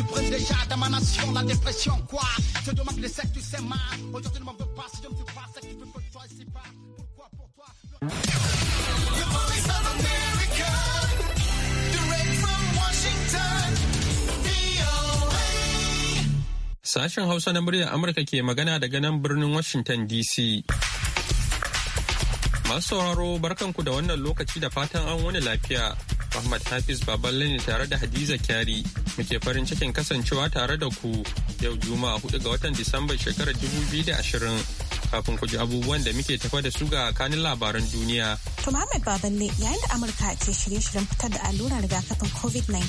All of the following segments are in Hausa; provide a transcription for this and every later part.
Tu brûles déjà dans ma nation la dépression, quoi. Je demande que les sectes, tu sais, mal. Aujourd'hui, ne m'en veux pas si je ne suis pas sec tu peux que toi ici pas. Pourquoi pour toi Sashen Hausa na muryar Amurka ke magana daga nan birnin Washington DC. Masu sauraro barkanku da wannan lokaci da fatan an wani lafiya. Ahmad Hafiz Baballe ne tare da Hadiza Kyari muke farin cikin kasancewa tare da ku yau Juma'a hudu ga watan Disamba shekarar 2020 kafin ku ji abubuwan da muke tafa da su ga kanin labaran duniya. To Muhammad Baballe yayin da Amurka ce shirye-shiryen fitar da allurar rigakafin COVID-19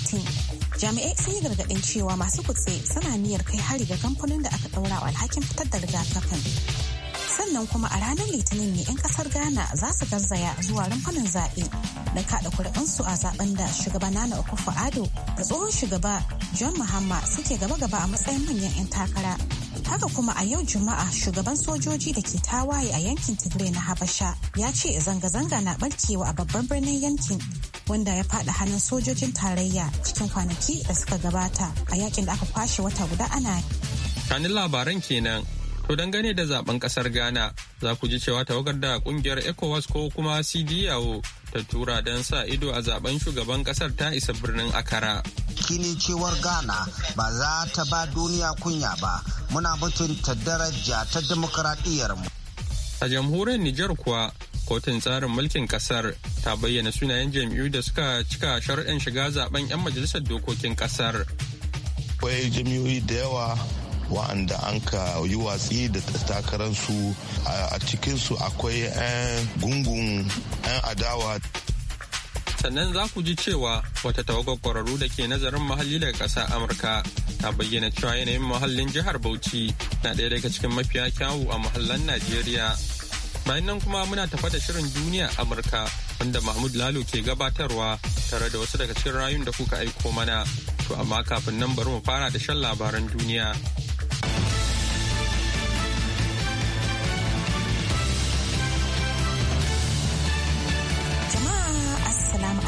jami'ai sun yi gargaɗin cewa masu kutse suna niyyar kai hari ga kamfanin da aka ɗaura alhakin fitar da rigakafin. sannan kuma a ranar litinin ne 'yan kasar ghana za su garzaya zuwa rumfunan zaɓe da kaɗa kuri'unsu a zaben da shugaba nana akufo ado da tsohon shugaba john mahama suke gaba-gaba a matsayin manyan 'yan takara haka kuma a yau juma'a shugaban sojoji da ke tawaye a yankin tigray na habasha ya ce zanga-zanga na barkewa a babban birnin yankin wanda ya fada hannun sojojin tarayya cikin kwanaki da suka gabata a yakin da aka kwashe wata guda ana kanin labaran kenan To dangane da zaben kasar Ghana za ku ji cewa tawagar da kungiyar ECOWAS ko kuma CDAO ta tura don sa ido a zaben shugaban kasar ta isa birnin Akara. Kini cewar Ghana ba za ta ba duniya kunya ba muna mutunta daraja ta mu. A jamhuriyar Nijar kuwa kotun tsarin mulkin kasar ta bayyana sunayen jam'iyyu da suka cika sharuɗin shiga zaben 'yan majalisar dokokin kasar. Akwai jami'o'i da yawa wa'anda an ka yi watsi da takararsu a cikinsu akwai 'yan gungun 'yan adawa sannan za ku ji cewa wata tawagar kwararru da ke nazarin muhalli daga ƙasar amurka ta bayyana cewa yanayin muhallin jihar bauchi na ɗaya daga cikin mafiya kyawu a muhallan najeriya bayan nan kuma muna tafa da shirin duniya amurka wanda mahmud lalo ke gabatarwa tare da wasu daga cikin rayun da kuka aiko mana to amma kafin nan bari mu fara da shan labaran duniya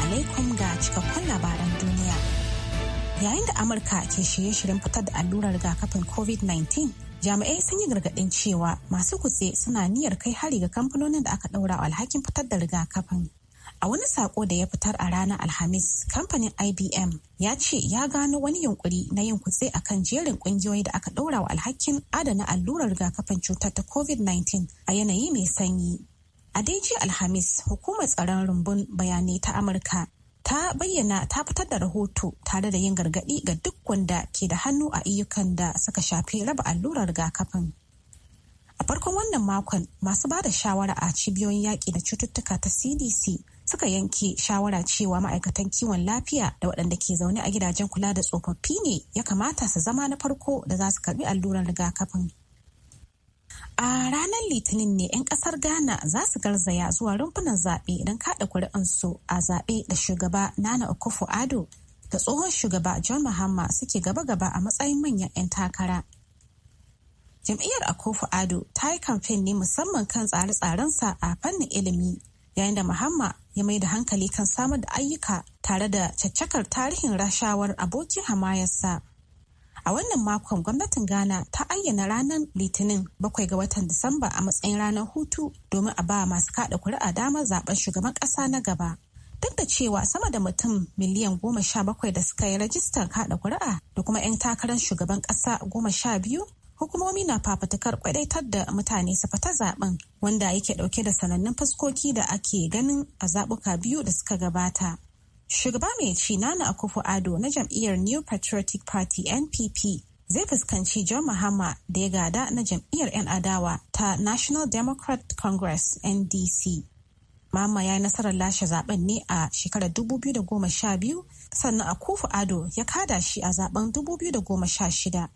alaikum ga cikakkun labaran duniya. Yayin da Amurka ke shirye-shiryen fitar da allurar rigakafin COVID-19, jami'ai sun yi gargaɗin cewa masu kutse suna niyyar kai hari ga kamfanonin da aka ɗaura alhakin fitar da rigakafin. A wani sako da ya fitar a ranar Alhamis, kamfanin IBM ya ce ya gano wani yunkuri na yin kutse akan jerin kungiyoyi da aka ɗaura wa alhakin adana allurar rigakafin cutar ta COVID-19 a yanayi mai sanyi. A Alhamis, hukumar tsaron rumbun bayanai ta Amurka ta bayyana ta fitar da rahoto tare da yin gargaɗi ga duk wanda ke da hannu a ayyukan da suka shafi raba allurar rigakafin. A farkon wannan makon masu ba da shawara a cibiyoyin yaƙi da cututtuka ta CDC suka yanke shawara cewa ma'aikatan kiwon lafiya da waɗanda ke zaune a gidajen kula da tsofaffi ne ya kamata su zama na farko da za su karɓi allurar rigakafin. A ranar Litinin ne 'yan kasar Ghana za su garzaya zuwa rumfunan zaɓe don kaɗa kuri'unsu a zaɓe da shugaba Nana Akufo Ado da tsohon shugaba John Mahama suke gaba-gaba a matsayin manyan 'yan takara. Jam'iyyar Akufo Ado ta yi kamfen ne musamman kan tsare-tsarensa a fannin ilimi yayin da Mahama ya mai da hankali kan samar da ayyuka tare da caccakar tarihin rashawar abokin hamayarsa. A wannan makon gwamnatin Ghana ta ayyana ranar Litinin bakwai ga watan Disamba a matsayin ranar hutu domin a ba masu kada kuri'a damar zaben shugaban ƙasa na gaba. Duk da cewa sama da mutum miliyan goma sha bakwai da suka yi rajistar kada kuri'a da kuma 'yan takarar shugaban ƙasa goma sha biyu hukumomi na fafatakar kwadaitar da mutane su fita zaben wanda yake dauke da sanannun fuskoki da ake ganin a zabuka biyu da suka gabata Shugaba mai ci Nana Akufo Ado na jam'iyyar New Patriotic Party NPP zai fuskanci John Mahama da ya gada na jam'iyyar 'yan adawa ta National Democrat Congress NDC. Mama ya yi nasarar lashe zaben ne a shekarar 2012 sannan Akufo Ado ya kada shi a zaben 2016.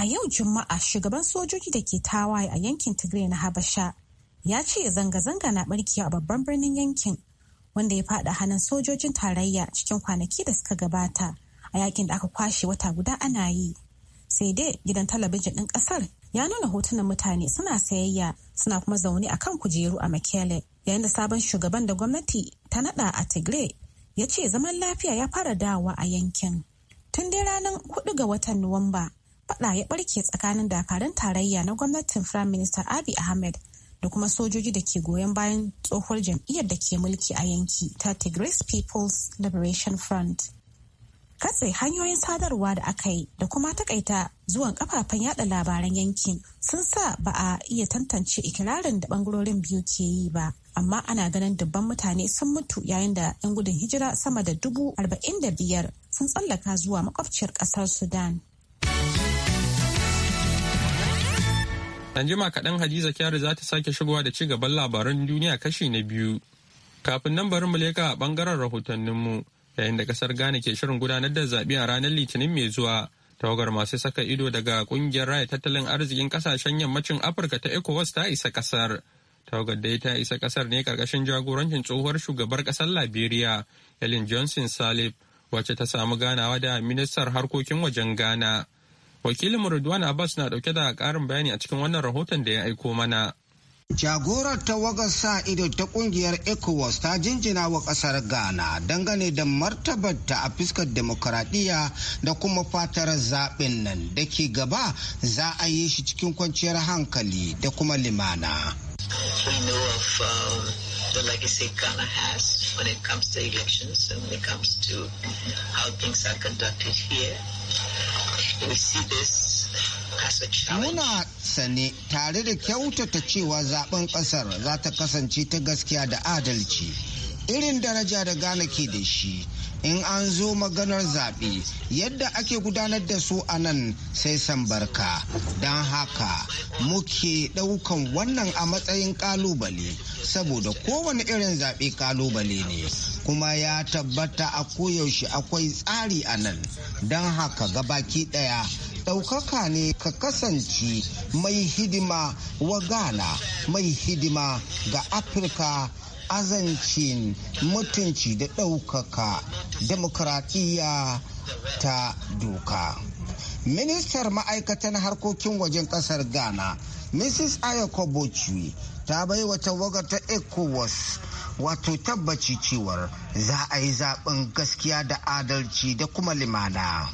A yau Juma'a shugaban sojoji da ke tawaye a yankin Tigray na Habasha ya ce zanga-zanga na barkewa a babban birnin yankin wanda ya fada hannun sojojin tarayya cikin kwanaki da suka gabata a yakin da aka kwashe wata guda ana yi. Sai dai gidan talabijin ɗin ƙasar ya nuna hotunan mutane suna sayayya suna kuma zaune a kan kujeru a makele yayin da sabon shugaban da gwamnati ta naɗa a tigre ya ce zaman lafiya ya fara dawa a yankin. Tun dai ranar 4 ga watan Nuwamba faɗa ya ɓarke tsakanin dakarun tarayya na gwamnatin Firayim Minista Abiy Ahmed da kuma sojoji da ke goyon bayan tsohuwar jam'iyyar da ke mulki a yanki ta Tigray People's Liberation Front. Katse hanyoyin sadarwa da aka yi da kuma takaita zuwan kafafen yada labaran yankin sun sa ba a iya tantance ikirarin da bangarorin biyu ke yi ba. Amma ana ganin dubban mutane sun mutu yayin da 'yan gudun hijira sama da dubu arba'in da biyar sun tsallaka zuwa makwabciyar ƙasar Sudan. anjima kaɗan Hadiza Kyari za ta sake shigowa da ci gaban labaran duniya kashi na biyu. Kafin nan bari mu leka a ɓangaren rahotanninmu yayin da ƙasar Ghana ke shirin gudanar da zaɓe a ranar Litinin mai zuwa. Tawagar masu saka ido daga ƙungiyar raya tattalin arzikin ƙasashen yammacin Afirka ta ECOWAS ta isa ƙasar. Tawagar dai ta isa ƙasar ne ƙarƙashin jagorancin tsohuwar shugabar ƙasar Liberia, Ellen Johnson Salif, wacce ta samu ganawa da ministar harkokin wajen Ghana. wakilin Ridwan Abbas na dauke da karin bayani a cikin wannan rahoton da ya aiko mana. Jagorar tawagar sa ido ta kungiyar ECOWAS ta jinjina wa kasar Ghana dangane da martabarta a fuskar demokaradiyya da kuma fatar zaɓen nan da ke gaba za a yi shi cikin kwanciyar hankali da kuma limana. Um, the legacy Ghana has when it comes to elections and when it comes to how things are conducted here. Muna sane tare da kyautata cewa zaben kasar za ta kasance ta gaskiya da adalci. Irin daraja da gane ke da shi in an zo maganar zaɓe yadda ake gudanar da su a nan sai sambarka don haka muke ɗaukan wannan a matsayin ƙalubale saboda kowane irin zaɓe ƙalubale ne kuma ya tabbata a koyaushe akwai tsari a nan don haka ga baki ɗaya ɗaukaka ne ka kasance mai hidima wa ghana mai hidima ga afirka azancin mutunci da ɗaukaka demokuraɗiyya ta doka. ministar ma'aikatan harkokin wajen ƙasar ghana mrs ayoko bochi ta bai wa tawagar ta ecowas wato tabbaci cewar za a yi zaben gaskiya da adalci da kuma limana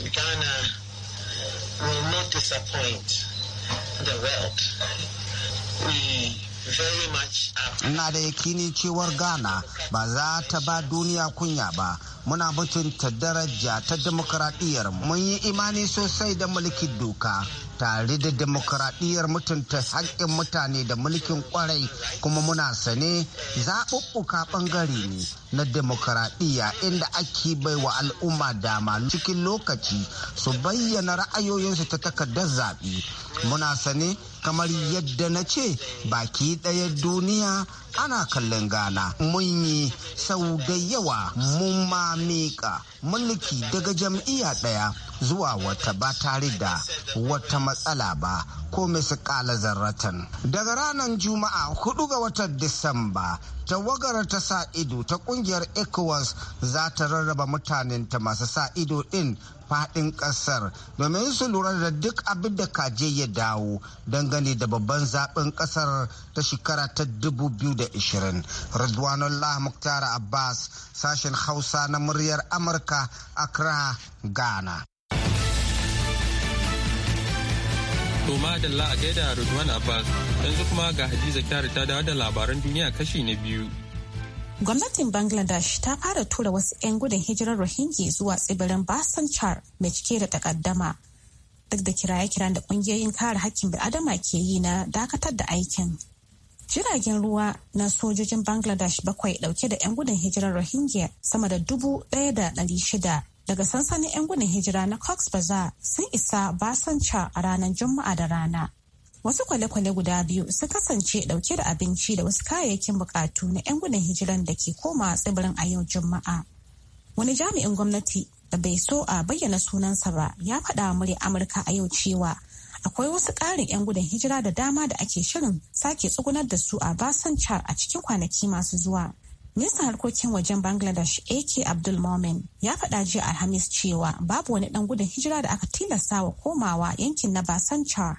Ghana will not disappoint the world. We Ina da yakini cewar Ghana ba za ta ba duniya kunya ba, muna mutunta daraja ta demokuraɗiyyar mun yi imani sosai da mulkin doka tare da demokuraɗiyyar mutunta haƙƙin mutane da mulkin kwarai kuma muna sane zaɓuɓɓuka ɓangare ne na demokaradiyya inda ake bai wa al'umma dama cikin lokaci su bayyana ra'ayoyinsu ta takardar zaɓe muna sane kamar yadda na ce baki ɗaya duniya ana kallon gana. mun yi sau da yawa mun ma miƙa mulki daga jam'iyya ɗaya zuwa wata ba tare da wata matsala ba ko su kala zarratan daga ranar juma'a 4 ga watan disamba tawagar ta sa ido ta kungiyar ecowas za ta rarraba mutanen ta masu sa ido din fadin kasar domin su lura da duk abin da kaje ya dawo dangane da babban zaben kasar ta shekara ta 2020 ridwanullah muktar abbas sashen hausa na muryar amurka accra ghana To madalla a gaida Rudwan Abbas yanzu kuma ga Hadiza Kyari ta dawo da labaran duniya kashi na biyu. Gwamnatin Bangladesh ta fara tura wasu 'yan gudun hijirar Rohingya zuwa tsibirin Basan Char mai cike da takaddama. Duk da kiraye-kiran da kungiyoyin kare hakkin bil'adama ke yi na dakatar da aikin. Jiragen ruwa na sojojin Bangladesh bakwai dauke da 'yan gudun hijirar Rohingya sama da dubu ɗaya da ɗari shida daga sansanin 'yan gudun hijira na Cox Bazar sun isa Basanca a ranar Juma'a da rana. Wasu kwale-kwale guda biyu su kasance dauke da abinci da wasu kayayyakin bukatu na 'yan gudun hijiran da ke koma tsibirin a yau Juma'a. Wani jami'in gwamnati da bai so a bayyana sunansa ba ya faɗa murya Amurka a yau cewa akwai wasu ƙarin 'yan gudun hijira da dama da ake shirin sake tsugunar da su a Basanca a cikin kwanaki masu zuwa. Ministan harkokin wajen Bangladesh AK Abdul Momen ya faɗa jiya Alhamis cewa babu wani ɗan gudun hijira da aka tilasta wa komawa yankin na Basanchar.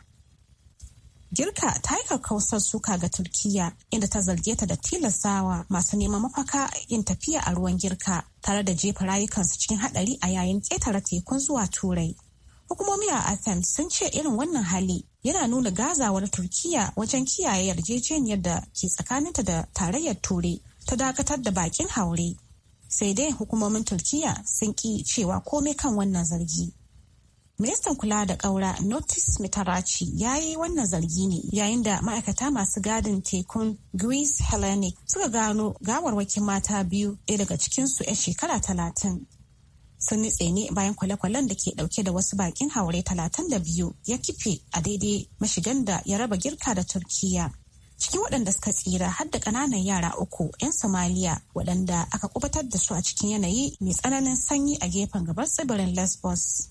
Girka ta yi kakkausar suka ga Turkiyya inda ta zarge ta da tilastawa masu neman mafaka yin tafiya a ruwan Girka tare da jefa rayukansu cikin haɗari a yayin ƙetare tekun zuwa Turai. Hukumomi a Athens sun ce irin wannan hali yana nuna gazawar Turkiyya wajen kiyaye yarjejeniyar da ke tsakaninta da tarayyar Turai ta dakatar da bakin haure sai dai hukumomin turkiya sun ki cewa komai kan wannan zargi ministan kula da ƙaura notis mitarachi ya yi wannan zargi ne yayin da ma'aikata masu gadin tekun greece hellenic suka gano gawarwakin mata biyu ɗaya daga cikinsu 'yan shekara talatin sun nitse ne bayan kwale-kwalen da ke ɗauke da wasu bakin haure talatin da biyu ya kife a daidai mashigan da ya raba girka da turkiya ciki waɗanda suka tsira har da ƙananan yara uku 'yan somaliya waɗanda aka kubatar da su a cikin yanayi mai tsananin sanyi a gefen gabar tsibirin lesbos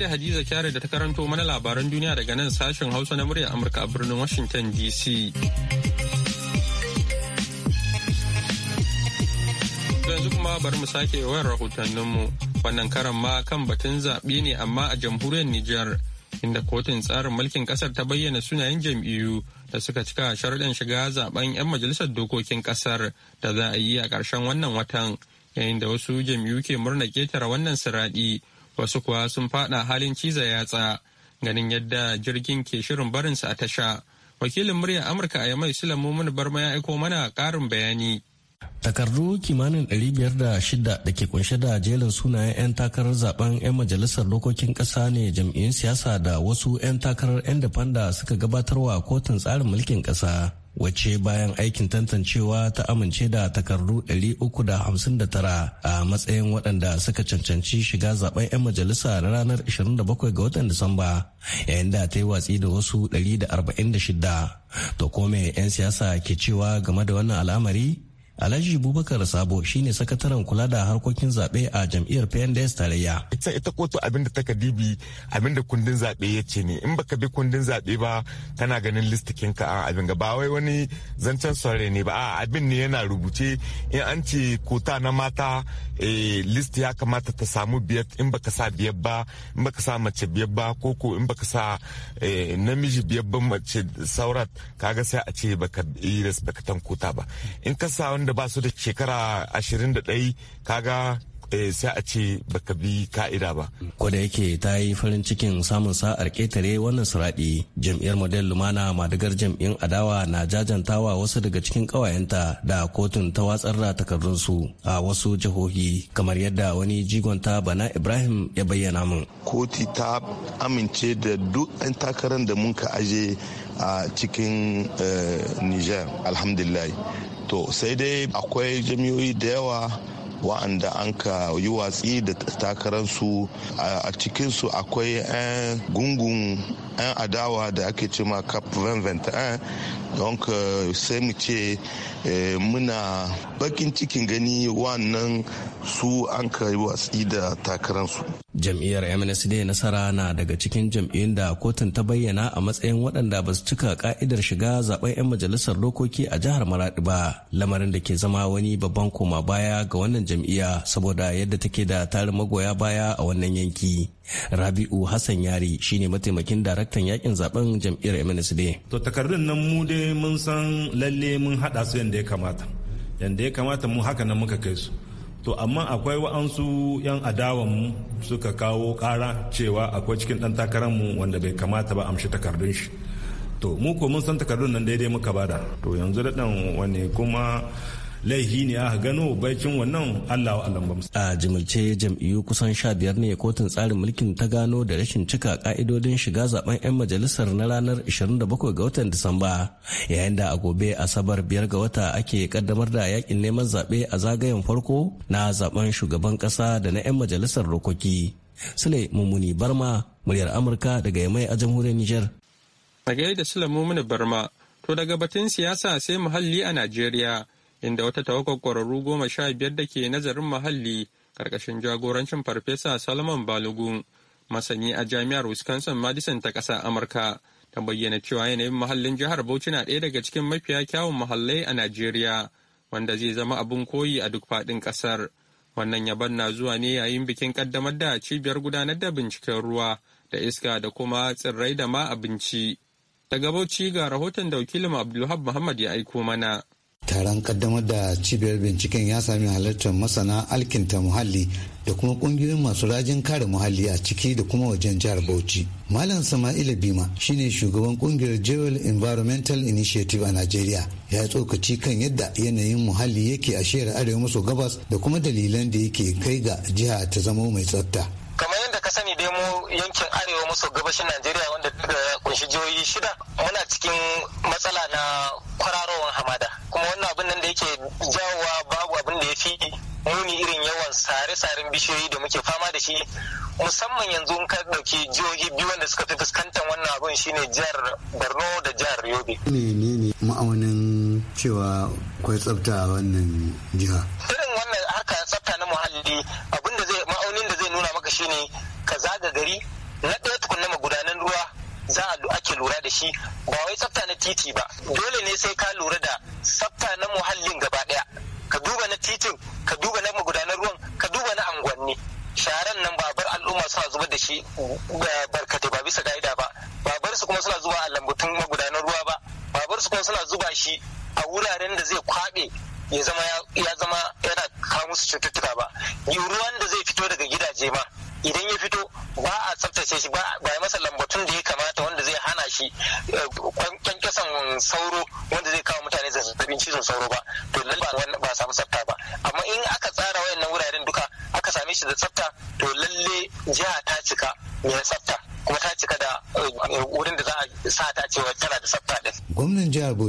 da Hadiza Kyare da ta karanto mana labaran duniya daga nan sashen Hausa na murya Amurka a birnin Washington DC. yanzu kuma bari mu sake wayar rahotanninmu wannan karan ma kan batun zaɓe ne amma a jamhuriyar Nijar inda kotun tsarin mulkin ƙasar ta bayyana sunayen jam'iyyu da suka cika sharuɗin shiga zaben 'yan majalisar dokokin ƙasar da za a yi a ƙarshen wannan watan yayin da wasu jam'iyyu ke murna ketare wannan siraɗi wasu kuwa sun faɗa halin ciza yatsa ganin yadda jirgin ke shirin barinsa a tasha wakilin murya amurka a yamai mun barma ya aiko mana ƙarin bayani takardu kimanin 506 da ke kunshe da jelin sunayen 'yan takarar zaben 'yan majalisar dokokin kasa ne jam'iyyun siyasa da wasu 'yan takarar 'yan dafanda suka gabatarwa kotun tsarin mulkin ƙasa, wace bayan aikin tantancewa ta amince da takardu 359 a matsayin waɗanda suka cancanci shiga zaben 'yan majalisa na ranar 27 ga watan Disamba yayin da ta yi watsi da wasu 146 to kome 'yan siyasa ke cewa game da wannan al'amari Alhaji Bubakar Sabo shine sakataren kula da harkokin zabe a jam'iyyar PNDS tarayya. Ita ita kotu abinda ta dibi abinda kundin zaɓe ya ce ne in baka bi kundin zabe ba kana ganin listikin ka a abin ba wai wani zancen sore ne ba a abin ne yana rubuce in an ce kota na mata eh, list ya kamata ta samu biyar in baka sa biyar ba in baka sa mace biyar ba ko ko in baka sa eh, namiji biyar ba mace saurat kaga sai a ce baka yi respectan kota ba in ka sa wanda ba su da shekara 21 kaga eh, sai a ce baka bi ka'ida ba. Ko da yake ta yi farin cikin samun sa'ar ƙetare wannan suraɗi, jam'iyyar model lumana madagar jam'in adawa na jajantawa wasu daga cikin ƙawayenta da kotun ta watsar da takardunsu a wasu jihohi kamar yadda wani jigonta bana Ibrahim ya bayyana mun. Koti ta amince da duk 'yan takarar da mun ka aje a cikin eh, Niger, alhamdulillah. to sai dai akwai jami'oi da yawa wa'anda an ka yi watsi da takararsu a cikinsu akwai 'yan gungun 'yan adawa da ake cima cap 2021 don sai mu ce eh, muna bakin cikin gani wannan su an ka yi watsi da takararsu jam'iyyar mnsd nasara na daga cikin jam'iyyun da kotun ta bayyana a matsayin waɗanda ba su cika ka'idar shiga zaɓen 'yan majalisar dokoki a jihar maraɗi ba lamarin da ke zama wani babban koma baya ga wannan jam'iyya saboda yadda take da tarin magoya baya a wannan yanki rabi'u hassan yari shine mataimakin daraktan yakin zaben jam'iyyar mnsd to takardun nan mu dai mun san lalle mun hada su yadda ya kamata yadda ya kamata mu haka nan muka kai su to amma akwai wa'ansu 'yan adawan mu suka kawo kara cewa akwai cikin dan takarar mu wanda bai kamata ba amshi takardun shi to mu ko mun san takardun nan daidai muka bada to yanzu da dan wani kuma laihi ne aka gano bakin wannan Allah wa ba a jimilce jam'iyyu kusan sha biyar ne kotun tsarin mulkin ta gano da rashin cika ka'idodin shiga zaben 'yan majalisar na ranar 27 ga watan Disamba yayin da a gobe asabar biyar ga wata ake kaddamar da yakin neman zaɓe a zagayen farko na zaben shugaban ƙasa da na 'yan majalisar rokoki. Sule Mummuni Barma, muryar Amurka daga Yamai a jamhuriyar Nijar. A gaida Sule Mummuni Barma, to daga batun siyasa sai muhalli a Najeriya. inda wata tawakar ƙwararru goma sha biyar da ke nazarin muhalli karkashin jagorancin farfesa salman balogun masani a jami'ar wisconsin madison ta ƙasa amurka ta bayyana cewa yanayin muhallin jihar bauchi na ɗaya daga cikin mafiya kyawun muhallai a najeriya wanda zai zama abin koyi a duk faɗin ƙasar wannan yaban na zuwa ne yayin bikin ƙaddamar da cibiyar gudanar da binciken ruwa da iska da kuma tsirrai da ma abinci daga bauchi ga rahoton da wakilin abdulhab muhammad ya aiko mana taron kaddamar da cibiyar binciken ya sami halartar masana alkinta muhalli da kuma kungiyoyin masu rajin kare muhalli a ciki da kuma wajen jihar bauchi malam sama'ila bima shine shugaban kungiyar jewel environmental initiative a nigeria ya tsokaci kan yadda yanayin muhalli yake a shiyar arewa maso gabas da kuma dalilan da yake kai ga jiha ta zama mai tsafta kamar yadda ka sani dai mu yankin arewa maso gabashin najeriya wanda ya kunshi jihohi shida muna cikin matsala na kwararowar hamada kuma wannan abin nan da yake jawowa babu abin da ya fi muni irin yawan sare-saren bishiyoyi da muke fama da shi musamman yanzu in ka dauki jihohi biyu wanda suka fi fuskantar wannan abin shine jihar borno da jihar yobe menene ma'aunin cewa akwai tsafta a wannan jiha irin wannan harka tsafta na muhalli abin da zai ma'aunin da zai nuna maka shine ka zaga gari na ɗaya tukunna magudanan ruwa za a ake lura da shi ba wai tsafta na titi ba dole ne sai ka lura da mutanen muhallin gaba daya ka duba na titin ka duba na magudanar ruwan ka duba na angwanni sharan nan babar al'umma suna zubar da shi eh, barkatai ba bisa ga'ida ba babar su kuma suna zuba a lambutun magudanar ruwa ba babar su kuma suna zuba shi a wuraren da zai kwaɓe ya zama ya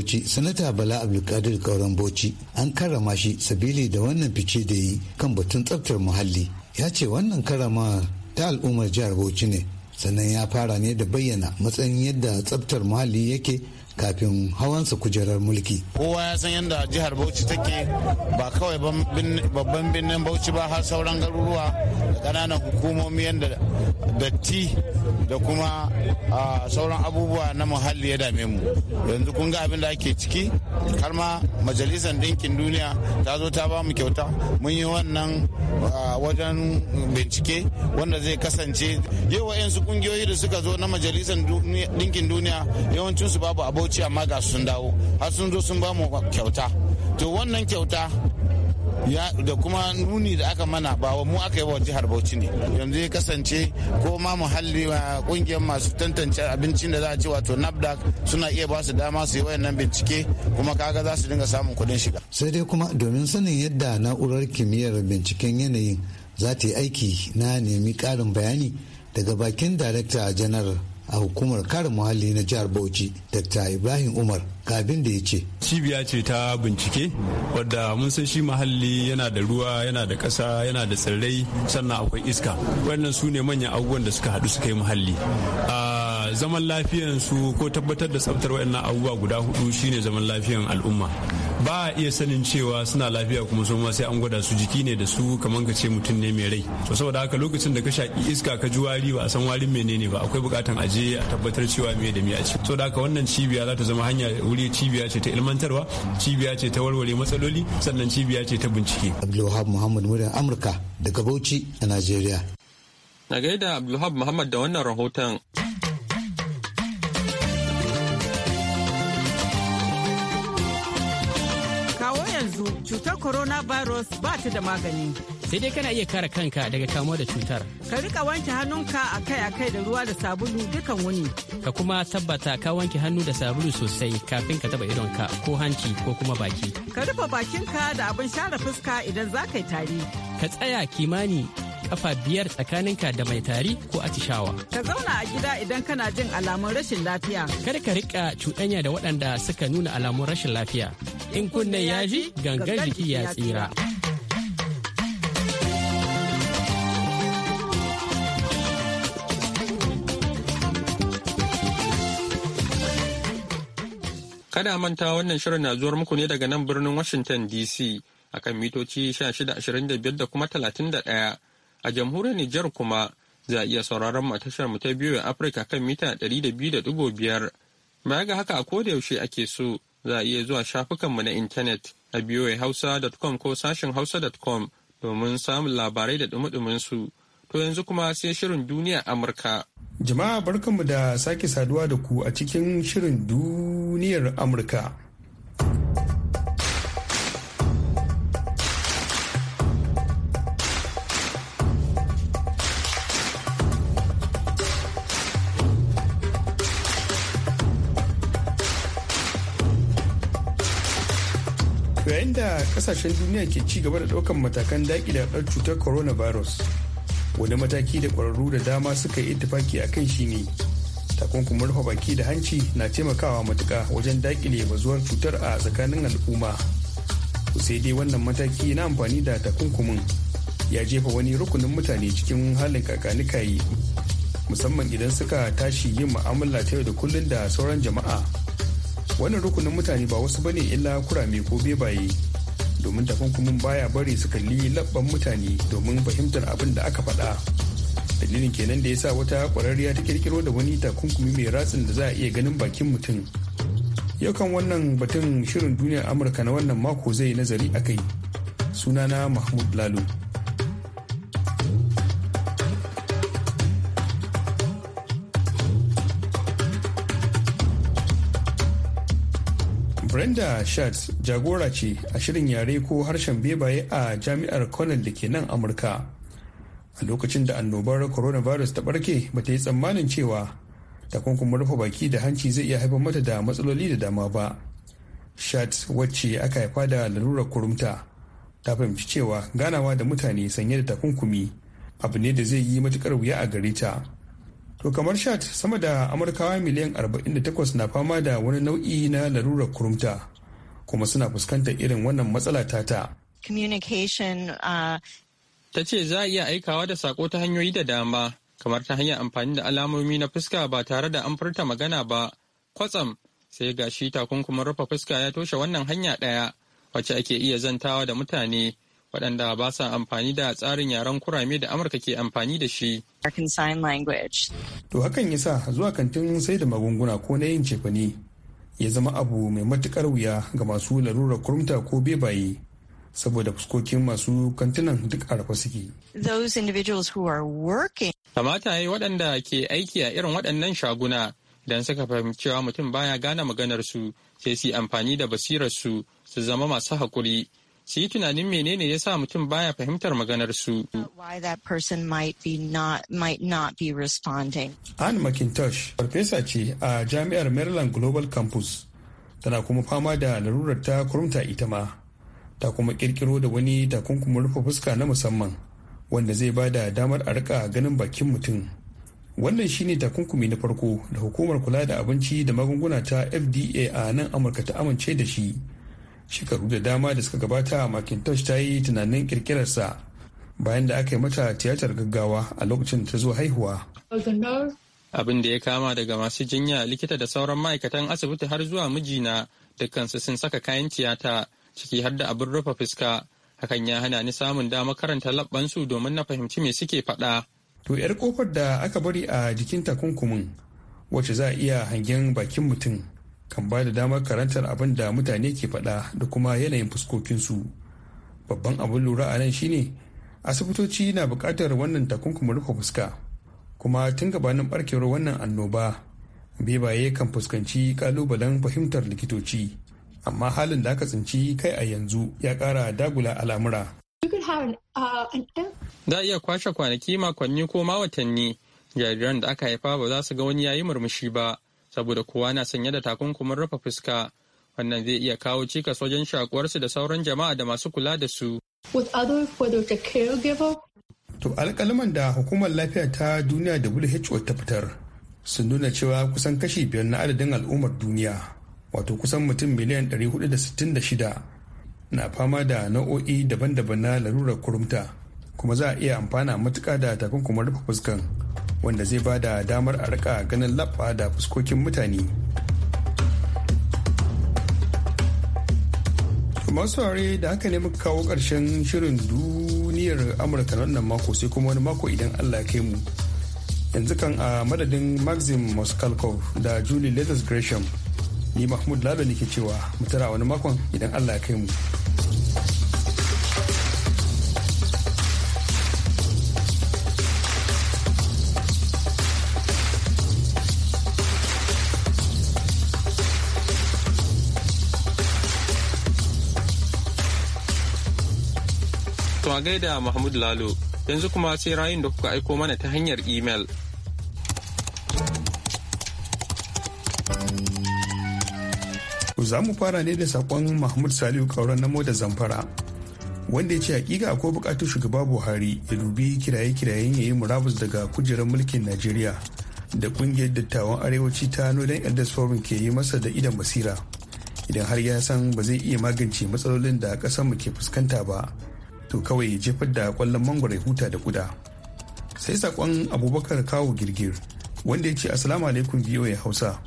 Bauchi sanata Bala Abdulkadir Kauran Bauchi an karrama shi sabili da wannan fice da yi kan batun tsaftar muhalli ya ce wannan karama ta al'ummar jihar Bauchi ne sannan ya fara ne da bayyana matsayin yadda tsaftar muhalli yake kafin hawansa kujerar mulki. Kowa ya san yadda jihar Bauchi take ba kawai babban birnin Bauchi ba har sauran garuruwa da ƙananan hukumomi yadda datti da kuma sauran abubuwa na muhalli ya dame mu. Yanzu kun ga abin da ake ciki har ma majalisar ɗinkin duniya ta zo ta ba mu kyauta mun yi wannan wajen bincike wanda zai kasance yau su kungiyoyi da suka zo na majalisar ɗinkin duniya yawancinsu babu abu bauchi amma ga sun dawo har sun zo sun ba mu kyauta to wannan kyauta ya da kuma nuni da aka mana ba mu aka yi wa jihar Bauchi ne yanzu ya kasance ko ma muhalli ma kungiyar masu tantance abincin da za a ce wato NAFDAC suna iya ba su dama su yi wayannan bincike kuma kaga za su dinga samun kuɗin shiga sai dai kuma domin sanin yadda na'urar kimiyyar binciken yanayin za ta yi aiki na nemi ƙarin bayani daga bakin darakta janar a hukumar kare muhalli na jihar Bauchi Dr. Ibrahim Umar ga da ya ce. Cibiya ce ta bincike wadda mun san shi muhalli yana da ruwa yana da ƙasa yana da tsirrai sannan akwai iska. Wannan su ne manyan abubuwan da suka haɗu suka yi muhalli. Ah, zaman lafiyan su ko tabbatar da tsaftar waɗannan abubuwa guda hudu shine zaman lafiyan al'umma ba a iya sanin cewa suna lafiya kuma su ma sai an gwada su jiki ne da su kamar ka ce mutum ne mai rai to saboda haka lokacin da ka shaki iska ka ji wari ba a san warin menene ba akwai bukatan je a tabbatar cewa me da me a to da haka wannan cibiya za ta zama hanya wuri cibiya ce ta ilmantarwa cibiya ce ta warware matsaloli sannan cibiya ce ta bincike Abdulwahab Muhammad muryar Amurka daga Bauchi a Najeriya na gaida Abdulwahab Muhammad da wannan rahoton coronavirus ba ta da magani. Sai dai kana iya kare kanka daga kamuwa da cutar. Ka rika wanke hannunka akai-akai da ruwa da sabulu dukan wuni. Ka kuma tabbata ka wanke hannu da sabulu sosai kafin ka taba ka ko hanci ko kuma baki. Ka rufe bakinka da abin share fuska idan za ka yi tari. Ka tsaya kimani kafa biyar tsakaninka da mai tari ko atishawa. Ka zauna a gida idan kana jin alamun rashin lafiya. Kada ka rika cuɗanya da waɗanda suka nuna alamun rashin lafiya. In kunne ya ji gangar jiki ya tsira. Kada manta wannan shirin na zuwar muku ne daga nan birnin Washington DC akan mitoci 1625 da kuma 31 A jamhuriyar Nijar kuma za a iya sauraron matashar mu ta biyu a Afirka kan mita 200.5. Baya ga haka a koda yaushe ake so za a iya zuwa shafukanmu na intanet a voahausa.com ko sashen hausa.com domin samun labarai da dumudumin su. To yanzu kuma sai shirin duniya Amurka. Jama'a barkanmu da sake saduwa da ku a cikin shirin duniyar Amurka. A kasashen duniya ke ci gaba da ɗaukar matakan daƙile yaɗar cutar coronavirus wani mataki da ƙwararru da dama suka yi itifaki a kan shi ne takunkumin rufe baki da hanci na taimakawa matuka wajen daƙile bazuwar cutar a tsakanin al'umma sai dai wannan mataki na amfani da takunkumin ya jefa wani rukunin mutane cikin halin kakanikayi musamman idan suka tashi yin mu'amala ta yau da kullum da sauran jama'a wannan rukunin mutane ba wasu bane illa kurame ko bebaye domin takunkumin baya bari su kalli labban mutane domin fahimtar abin da aka faɗa dalilin kenan da ya sa wata ƙwararriya ta kirkiro da wani takunkumi mai ratsin da za a iya ganin bakin mutum yaukan wannan batun shirin duniyar amurka na wannan mako zai nazari a kai sunana mahmud lalu. Brenda Schatz jagora ce a shirin yare ko harshen bebaye a jami'ar Cornell da ke nan Amurka. A lokacin da annobar coronavirus ta barke ba ta yi tsammanin cewa takunkumin rufe baki da hanci zai iya haifar mata da matsaloli da dama ba. Schatz wacce aka haifa da lalurar kurumta ta fahimci cewa ganawa da mutane sanye da takunkumi abu ne da zai yi matukar wuya a gare ta. To kamar shat sama da Amurkawa miliyan 48 na fama da wani nau'i na larurar kurumta kuma suna fuskantar irin wannan matsala ta ta. Communication uh, ta ce za a iya aikawa da sako ta hanyoyi da dama kamar ta hanyar amfani da alamomi na fuska ba tare da an furta magana ba kwatsam sai ga shi takunkumin rufe fuska ya toshe wannan hanya ɗaya wacce ake iya zantawa da mutane waɗanda ba sa amfani da tsarin yaren kurame da amurka ke amfani da shi to hakan yasa zuwa kantin sai da magunguna ko na yin cefane ya zama abu mai matuƙar wuya ga masu larurar kurumta ko bebaye saboda fuskokin masu kantunan duk a rafa suke. Kamata ya yi waɗanda ke aiki a irin waɗannan shaguna don suka fahimci cewa mutum baya gane maganar su sai su amfani da basirar su su zama masu haƙuri su yi tunanin menene ya sa mutum baya fahimtar maganar su. Anne McIntosh, farfesa ce a Jami'ar Maryland Global Campus, tana kuma fama da larurar ta kurumta ita ma, ta kuma kirkiro da wani takunkumin rufe fuska na musamman, wanda zai ba da damar a rika ganin bakin mutum. wannan shine takunkumi na farko da hukumar kula da abinci da magunguna ta fda a nan amurka ta amince da shi shekaru da dama da suka gabata macintosh ta yi tunanin kirkirarsa bayan da aka yi mata tiyatar gaggawa a lokacin ta zo haihuwa abin da ya kama daga masu jinya likita da sauran ma'aikatan asibiti har zuwa mijina dukkansu sun saka kayan tiyata ciki har da abin rufe fuska hakan ya hana ni samun dama karanta labbansu domin na fahimci me suke faɗa. to yar kofar da aka bari a jikin takunkumin wacce za a iya hangen bakin mutum kan ba da damar karantar abin da mutane ke faɗa da kuma yanayin fuskokinsu babban abin lura a nan shine asibitoci na buƙatar wannan takunkumin rufe fuska kuma tun gabanin barkewar wannan annoba bebaye kan fuskanci ƙalubalen fahimtar likitoci amma halin da aka tsinci kai a yanzu ya ƙara dagula al'amura uh, uh, za iya kwashe kwanaki makonni ko ma watanni jariran da aka haifa ba za su ga wani yayi murmushi ba saboda kowa na sanye da takunkumin rufe fuska wannan zai iya kawo cikas wajen shakuwarsu da sauran jama'a da masu kula da su. To alkalaman da hukumar lafiya ta duniya da WHO ta fitar sun nuna cewa kusan kashi biyar na adadin al'ummar duniya wato kusan mutum miliyan 466 na fama da nau'o'i daban-daban na larurar kurumta kuma za a iya amfana matuka da takunkumin rufe fuskan wanda zai ba da damar a rika ganin labba da fuskokin mutane masu ware da haka ne muka kawo ƙarshen shirin duniyar amurka na wannan mako sai kuma wani mako idan allah kai mu yanzu kan a madadin maxim moskalkov da julie letters gresham ni mahmud lalo ne ke cewa mutara wani makon idan allah kai mu a gaida Mahmud Lalo yanzu kuma sai rayun da kuka aiko mana ta hanyar email. Za mu fara ne da saƙon Mahmud Saliu kauran na mota zamfara. Wanda ya ce hakika akwai buƙatar shugaba Buhari ya dubi kiraye-kirayen yayi murabus daga kujerar mulkin Najeriya da ƙungiyar dattawan arewaci ta Northern Elders Forum ke yi masa da idan basira. Idan har ya san ba zai iya magance matsalolin da mu ke fuskanta ba, to kawai ya jefar da kwallon mangwaro ya huta da kuda sai sakon abubakar kawo girgir wanda ya ce assalamu alaikum ya hausa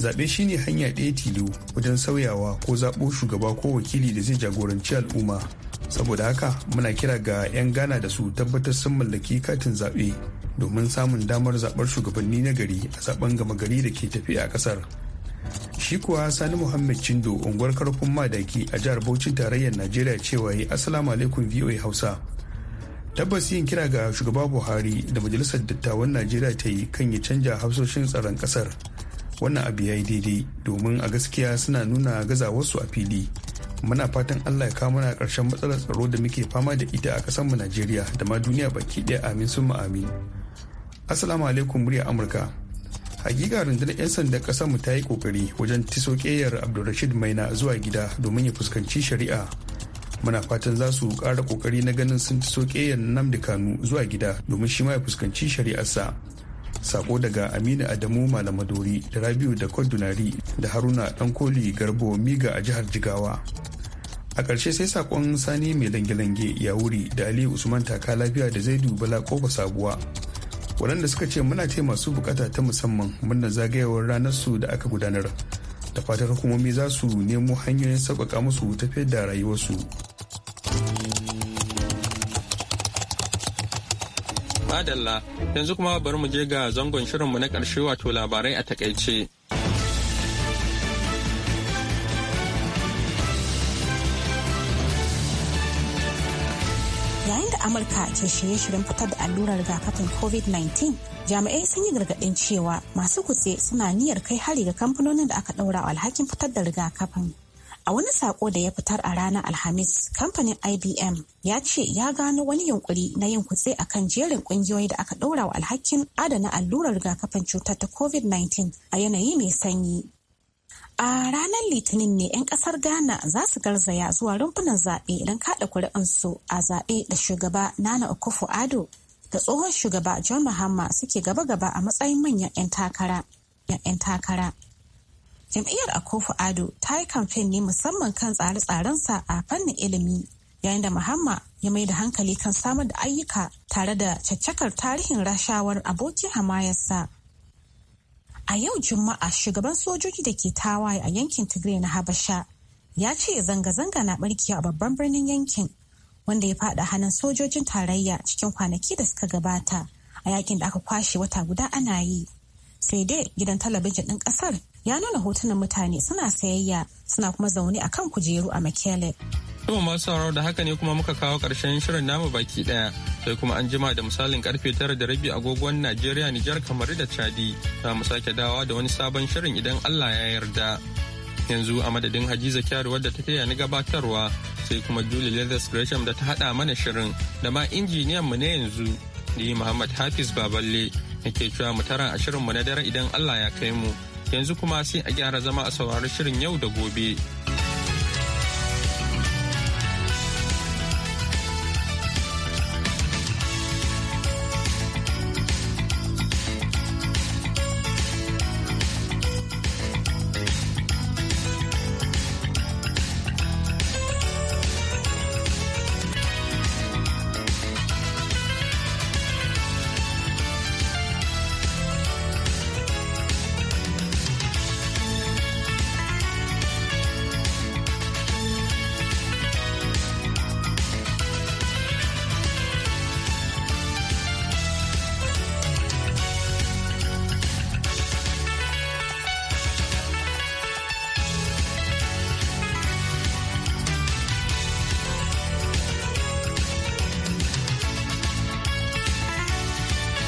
zaɓe shine hanya ɗaya tilo wajen sauyawa ko zaɓo shugaba ko wakili da zai jagoranci al'umma saboda haka muna kira ga 'yan ghana da su tabbatar sun mallaki katin zaɓe domin samun damar zaɓar shugabanni na gari a zaɓen gama gari da ke tafiya a ƙasar shi kuwa sani muhammad cindo unguwar karfin madaki a jihar bauchin tarayyar najeriya cewa yi assalamu alaikum voa hausa tabbas yin kira ga shugaba buhari da majalisar dattawan najeriya ta yi kan ya canja hafsoshin tsaron kasar wannan abu ya yi daidai domin a gaskiya suna nuna gazawarsu a fili muna fatan allah ya kawo mana karshen matsalar tsaro da muke fama da ita a mu najeriya da ma duniya baki ɗaya amin sun amin assalamu alaikum murya amurka hakika rundunar 'yan sanda kasar mu ta yi kokari wajen tiso ƙeyar abdulrashid maina zuwa gida domin ya fuskanci shari'a muna fatan za su kara kokari na ganin sun tiso ƙeyar namdi kanu zuwa gida domin shi ma ya fuskanci shari'arsa sako daga aminu adamu malamadori da rabiu da kwadunari da haruna dankoli garbo miga a jihar jigawa a ƙarshe sai sakon sani mai lange-lange ya wuri da aliyu usman taka lafiya da zaidu bala kofa sabuwa waɗanda suka ce muna ce masu bukata ta musamman muna zagayewar ranar su da aka gudanar da fatar hukumomi za su nemo hanyoyin sauƙaƙa musu tafiyar da rayuwarsu Adalla yanzu kuma bari mu je ga zangon shirinmu na ƙarshe wato labarai a takaice. yayin da amurka ke shirye-shiryen fitar da allurar rigakafin covid-19 jami'ai sun yi gargaɗin cewa masu kutse suna niyyar kai hari ga kamfanonin da aka ɗaura alhakin fitar da rigakafin a wani sako da ya fitar a ranar alhamis kamfanin ibm ya ce ya gano wani yunkuri na yin kutse akan jerin ƙungiyoyi da aka ɗaura wa alhakin adana allurar rigakafin cutar ta covid-19 a yanayi mai sanyi A ranar Litinin ne 'yan kasar Ghana za su garzaya zuwa rumfunan zaɓe don kaɗa kuri'unsu a zaɓe da shugaba Nana Akufo Ado da tsohon shugaba John Mahama suke gaba-gaba a matsayin manyan 'yan takara. yan takara Jam'iyyar Akufo Ado ta yi kamfen ne musamman kan tsare-tsarensa a fannin ilimi yayin da Mahama ya mai da hankali kan samar da ayyuka tare da caccakar tarihin rashawar abokin hamayarsa. A yau Juma'a shugaban sojoji da ke tawaye a yankin Tigray na Habasha ya ce zanga-zanga na barki a babban birnin yankin wanda ya fada hannun sojojin tarayya cikin kwanaki da suka gabata a yakin da aka kwashe wata guda ana yi. Sai dai gidan talabijin ɗin ƙasar ya nuna hotunan mutane suna sayayya suna kuma zaune a kan kujeru a Mekele. To masu sauraro da haka ne kuma muka kawo ƙarshen shirin namu baki ɗaya sai kuma an jima da misalin karfe tara da rabi agogon Najeriya Nijar kamar da Chadi za mu sake dawa da wani sabon shirin idan Allah ya yarda. Yanzu a madadin Hajiza Kyaru wadda ta taya ni gabatarwa sai kuma juli Leathers Gresham da ta haɗa mana shirin da ma injiniyan mu na yanzu ni Muhammad Hafiz Baballe nake cewa mu tara a shirin mu na dare idan Allah ya kai mu. Yanzu kuma sai a gyara zama a saurari shirin yau da gobe.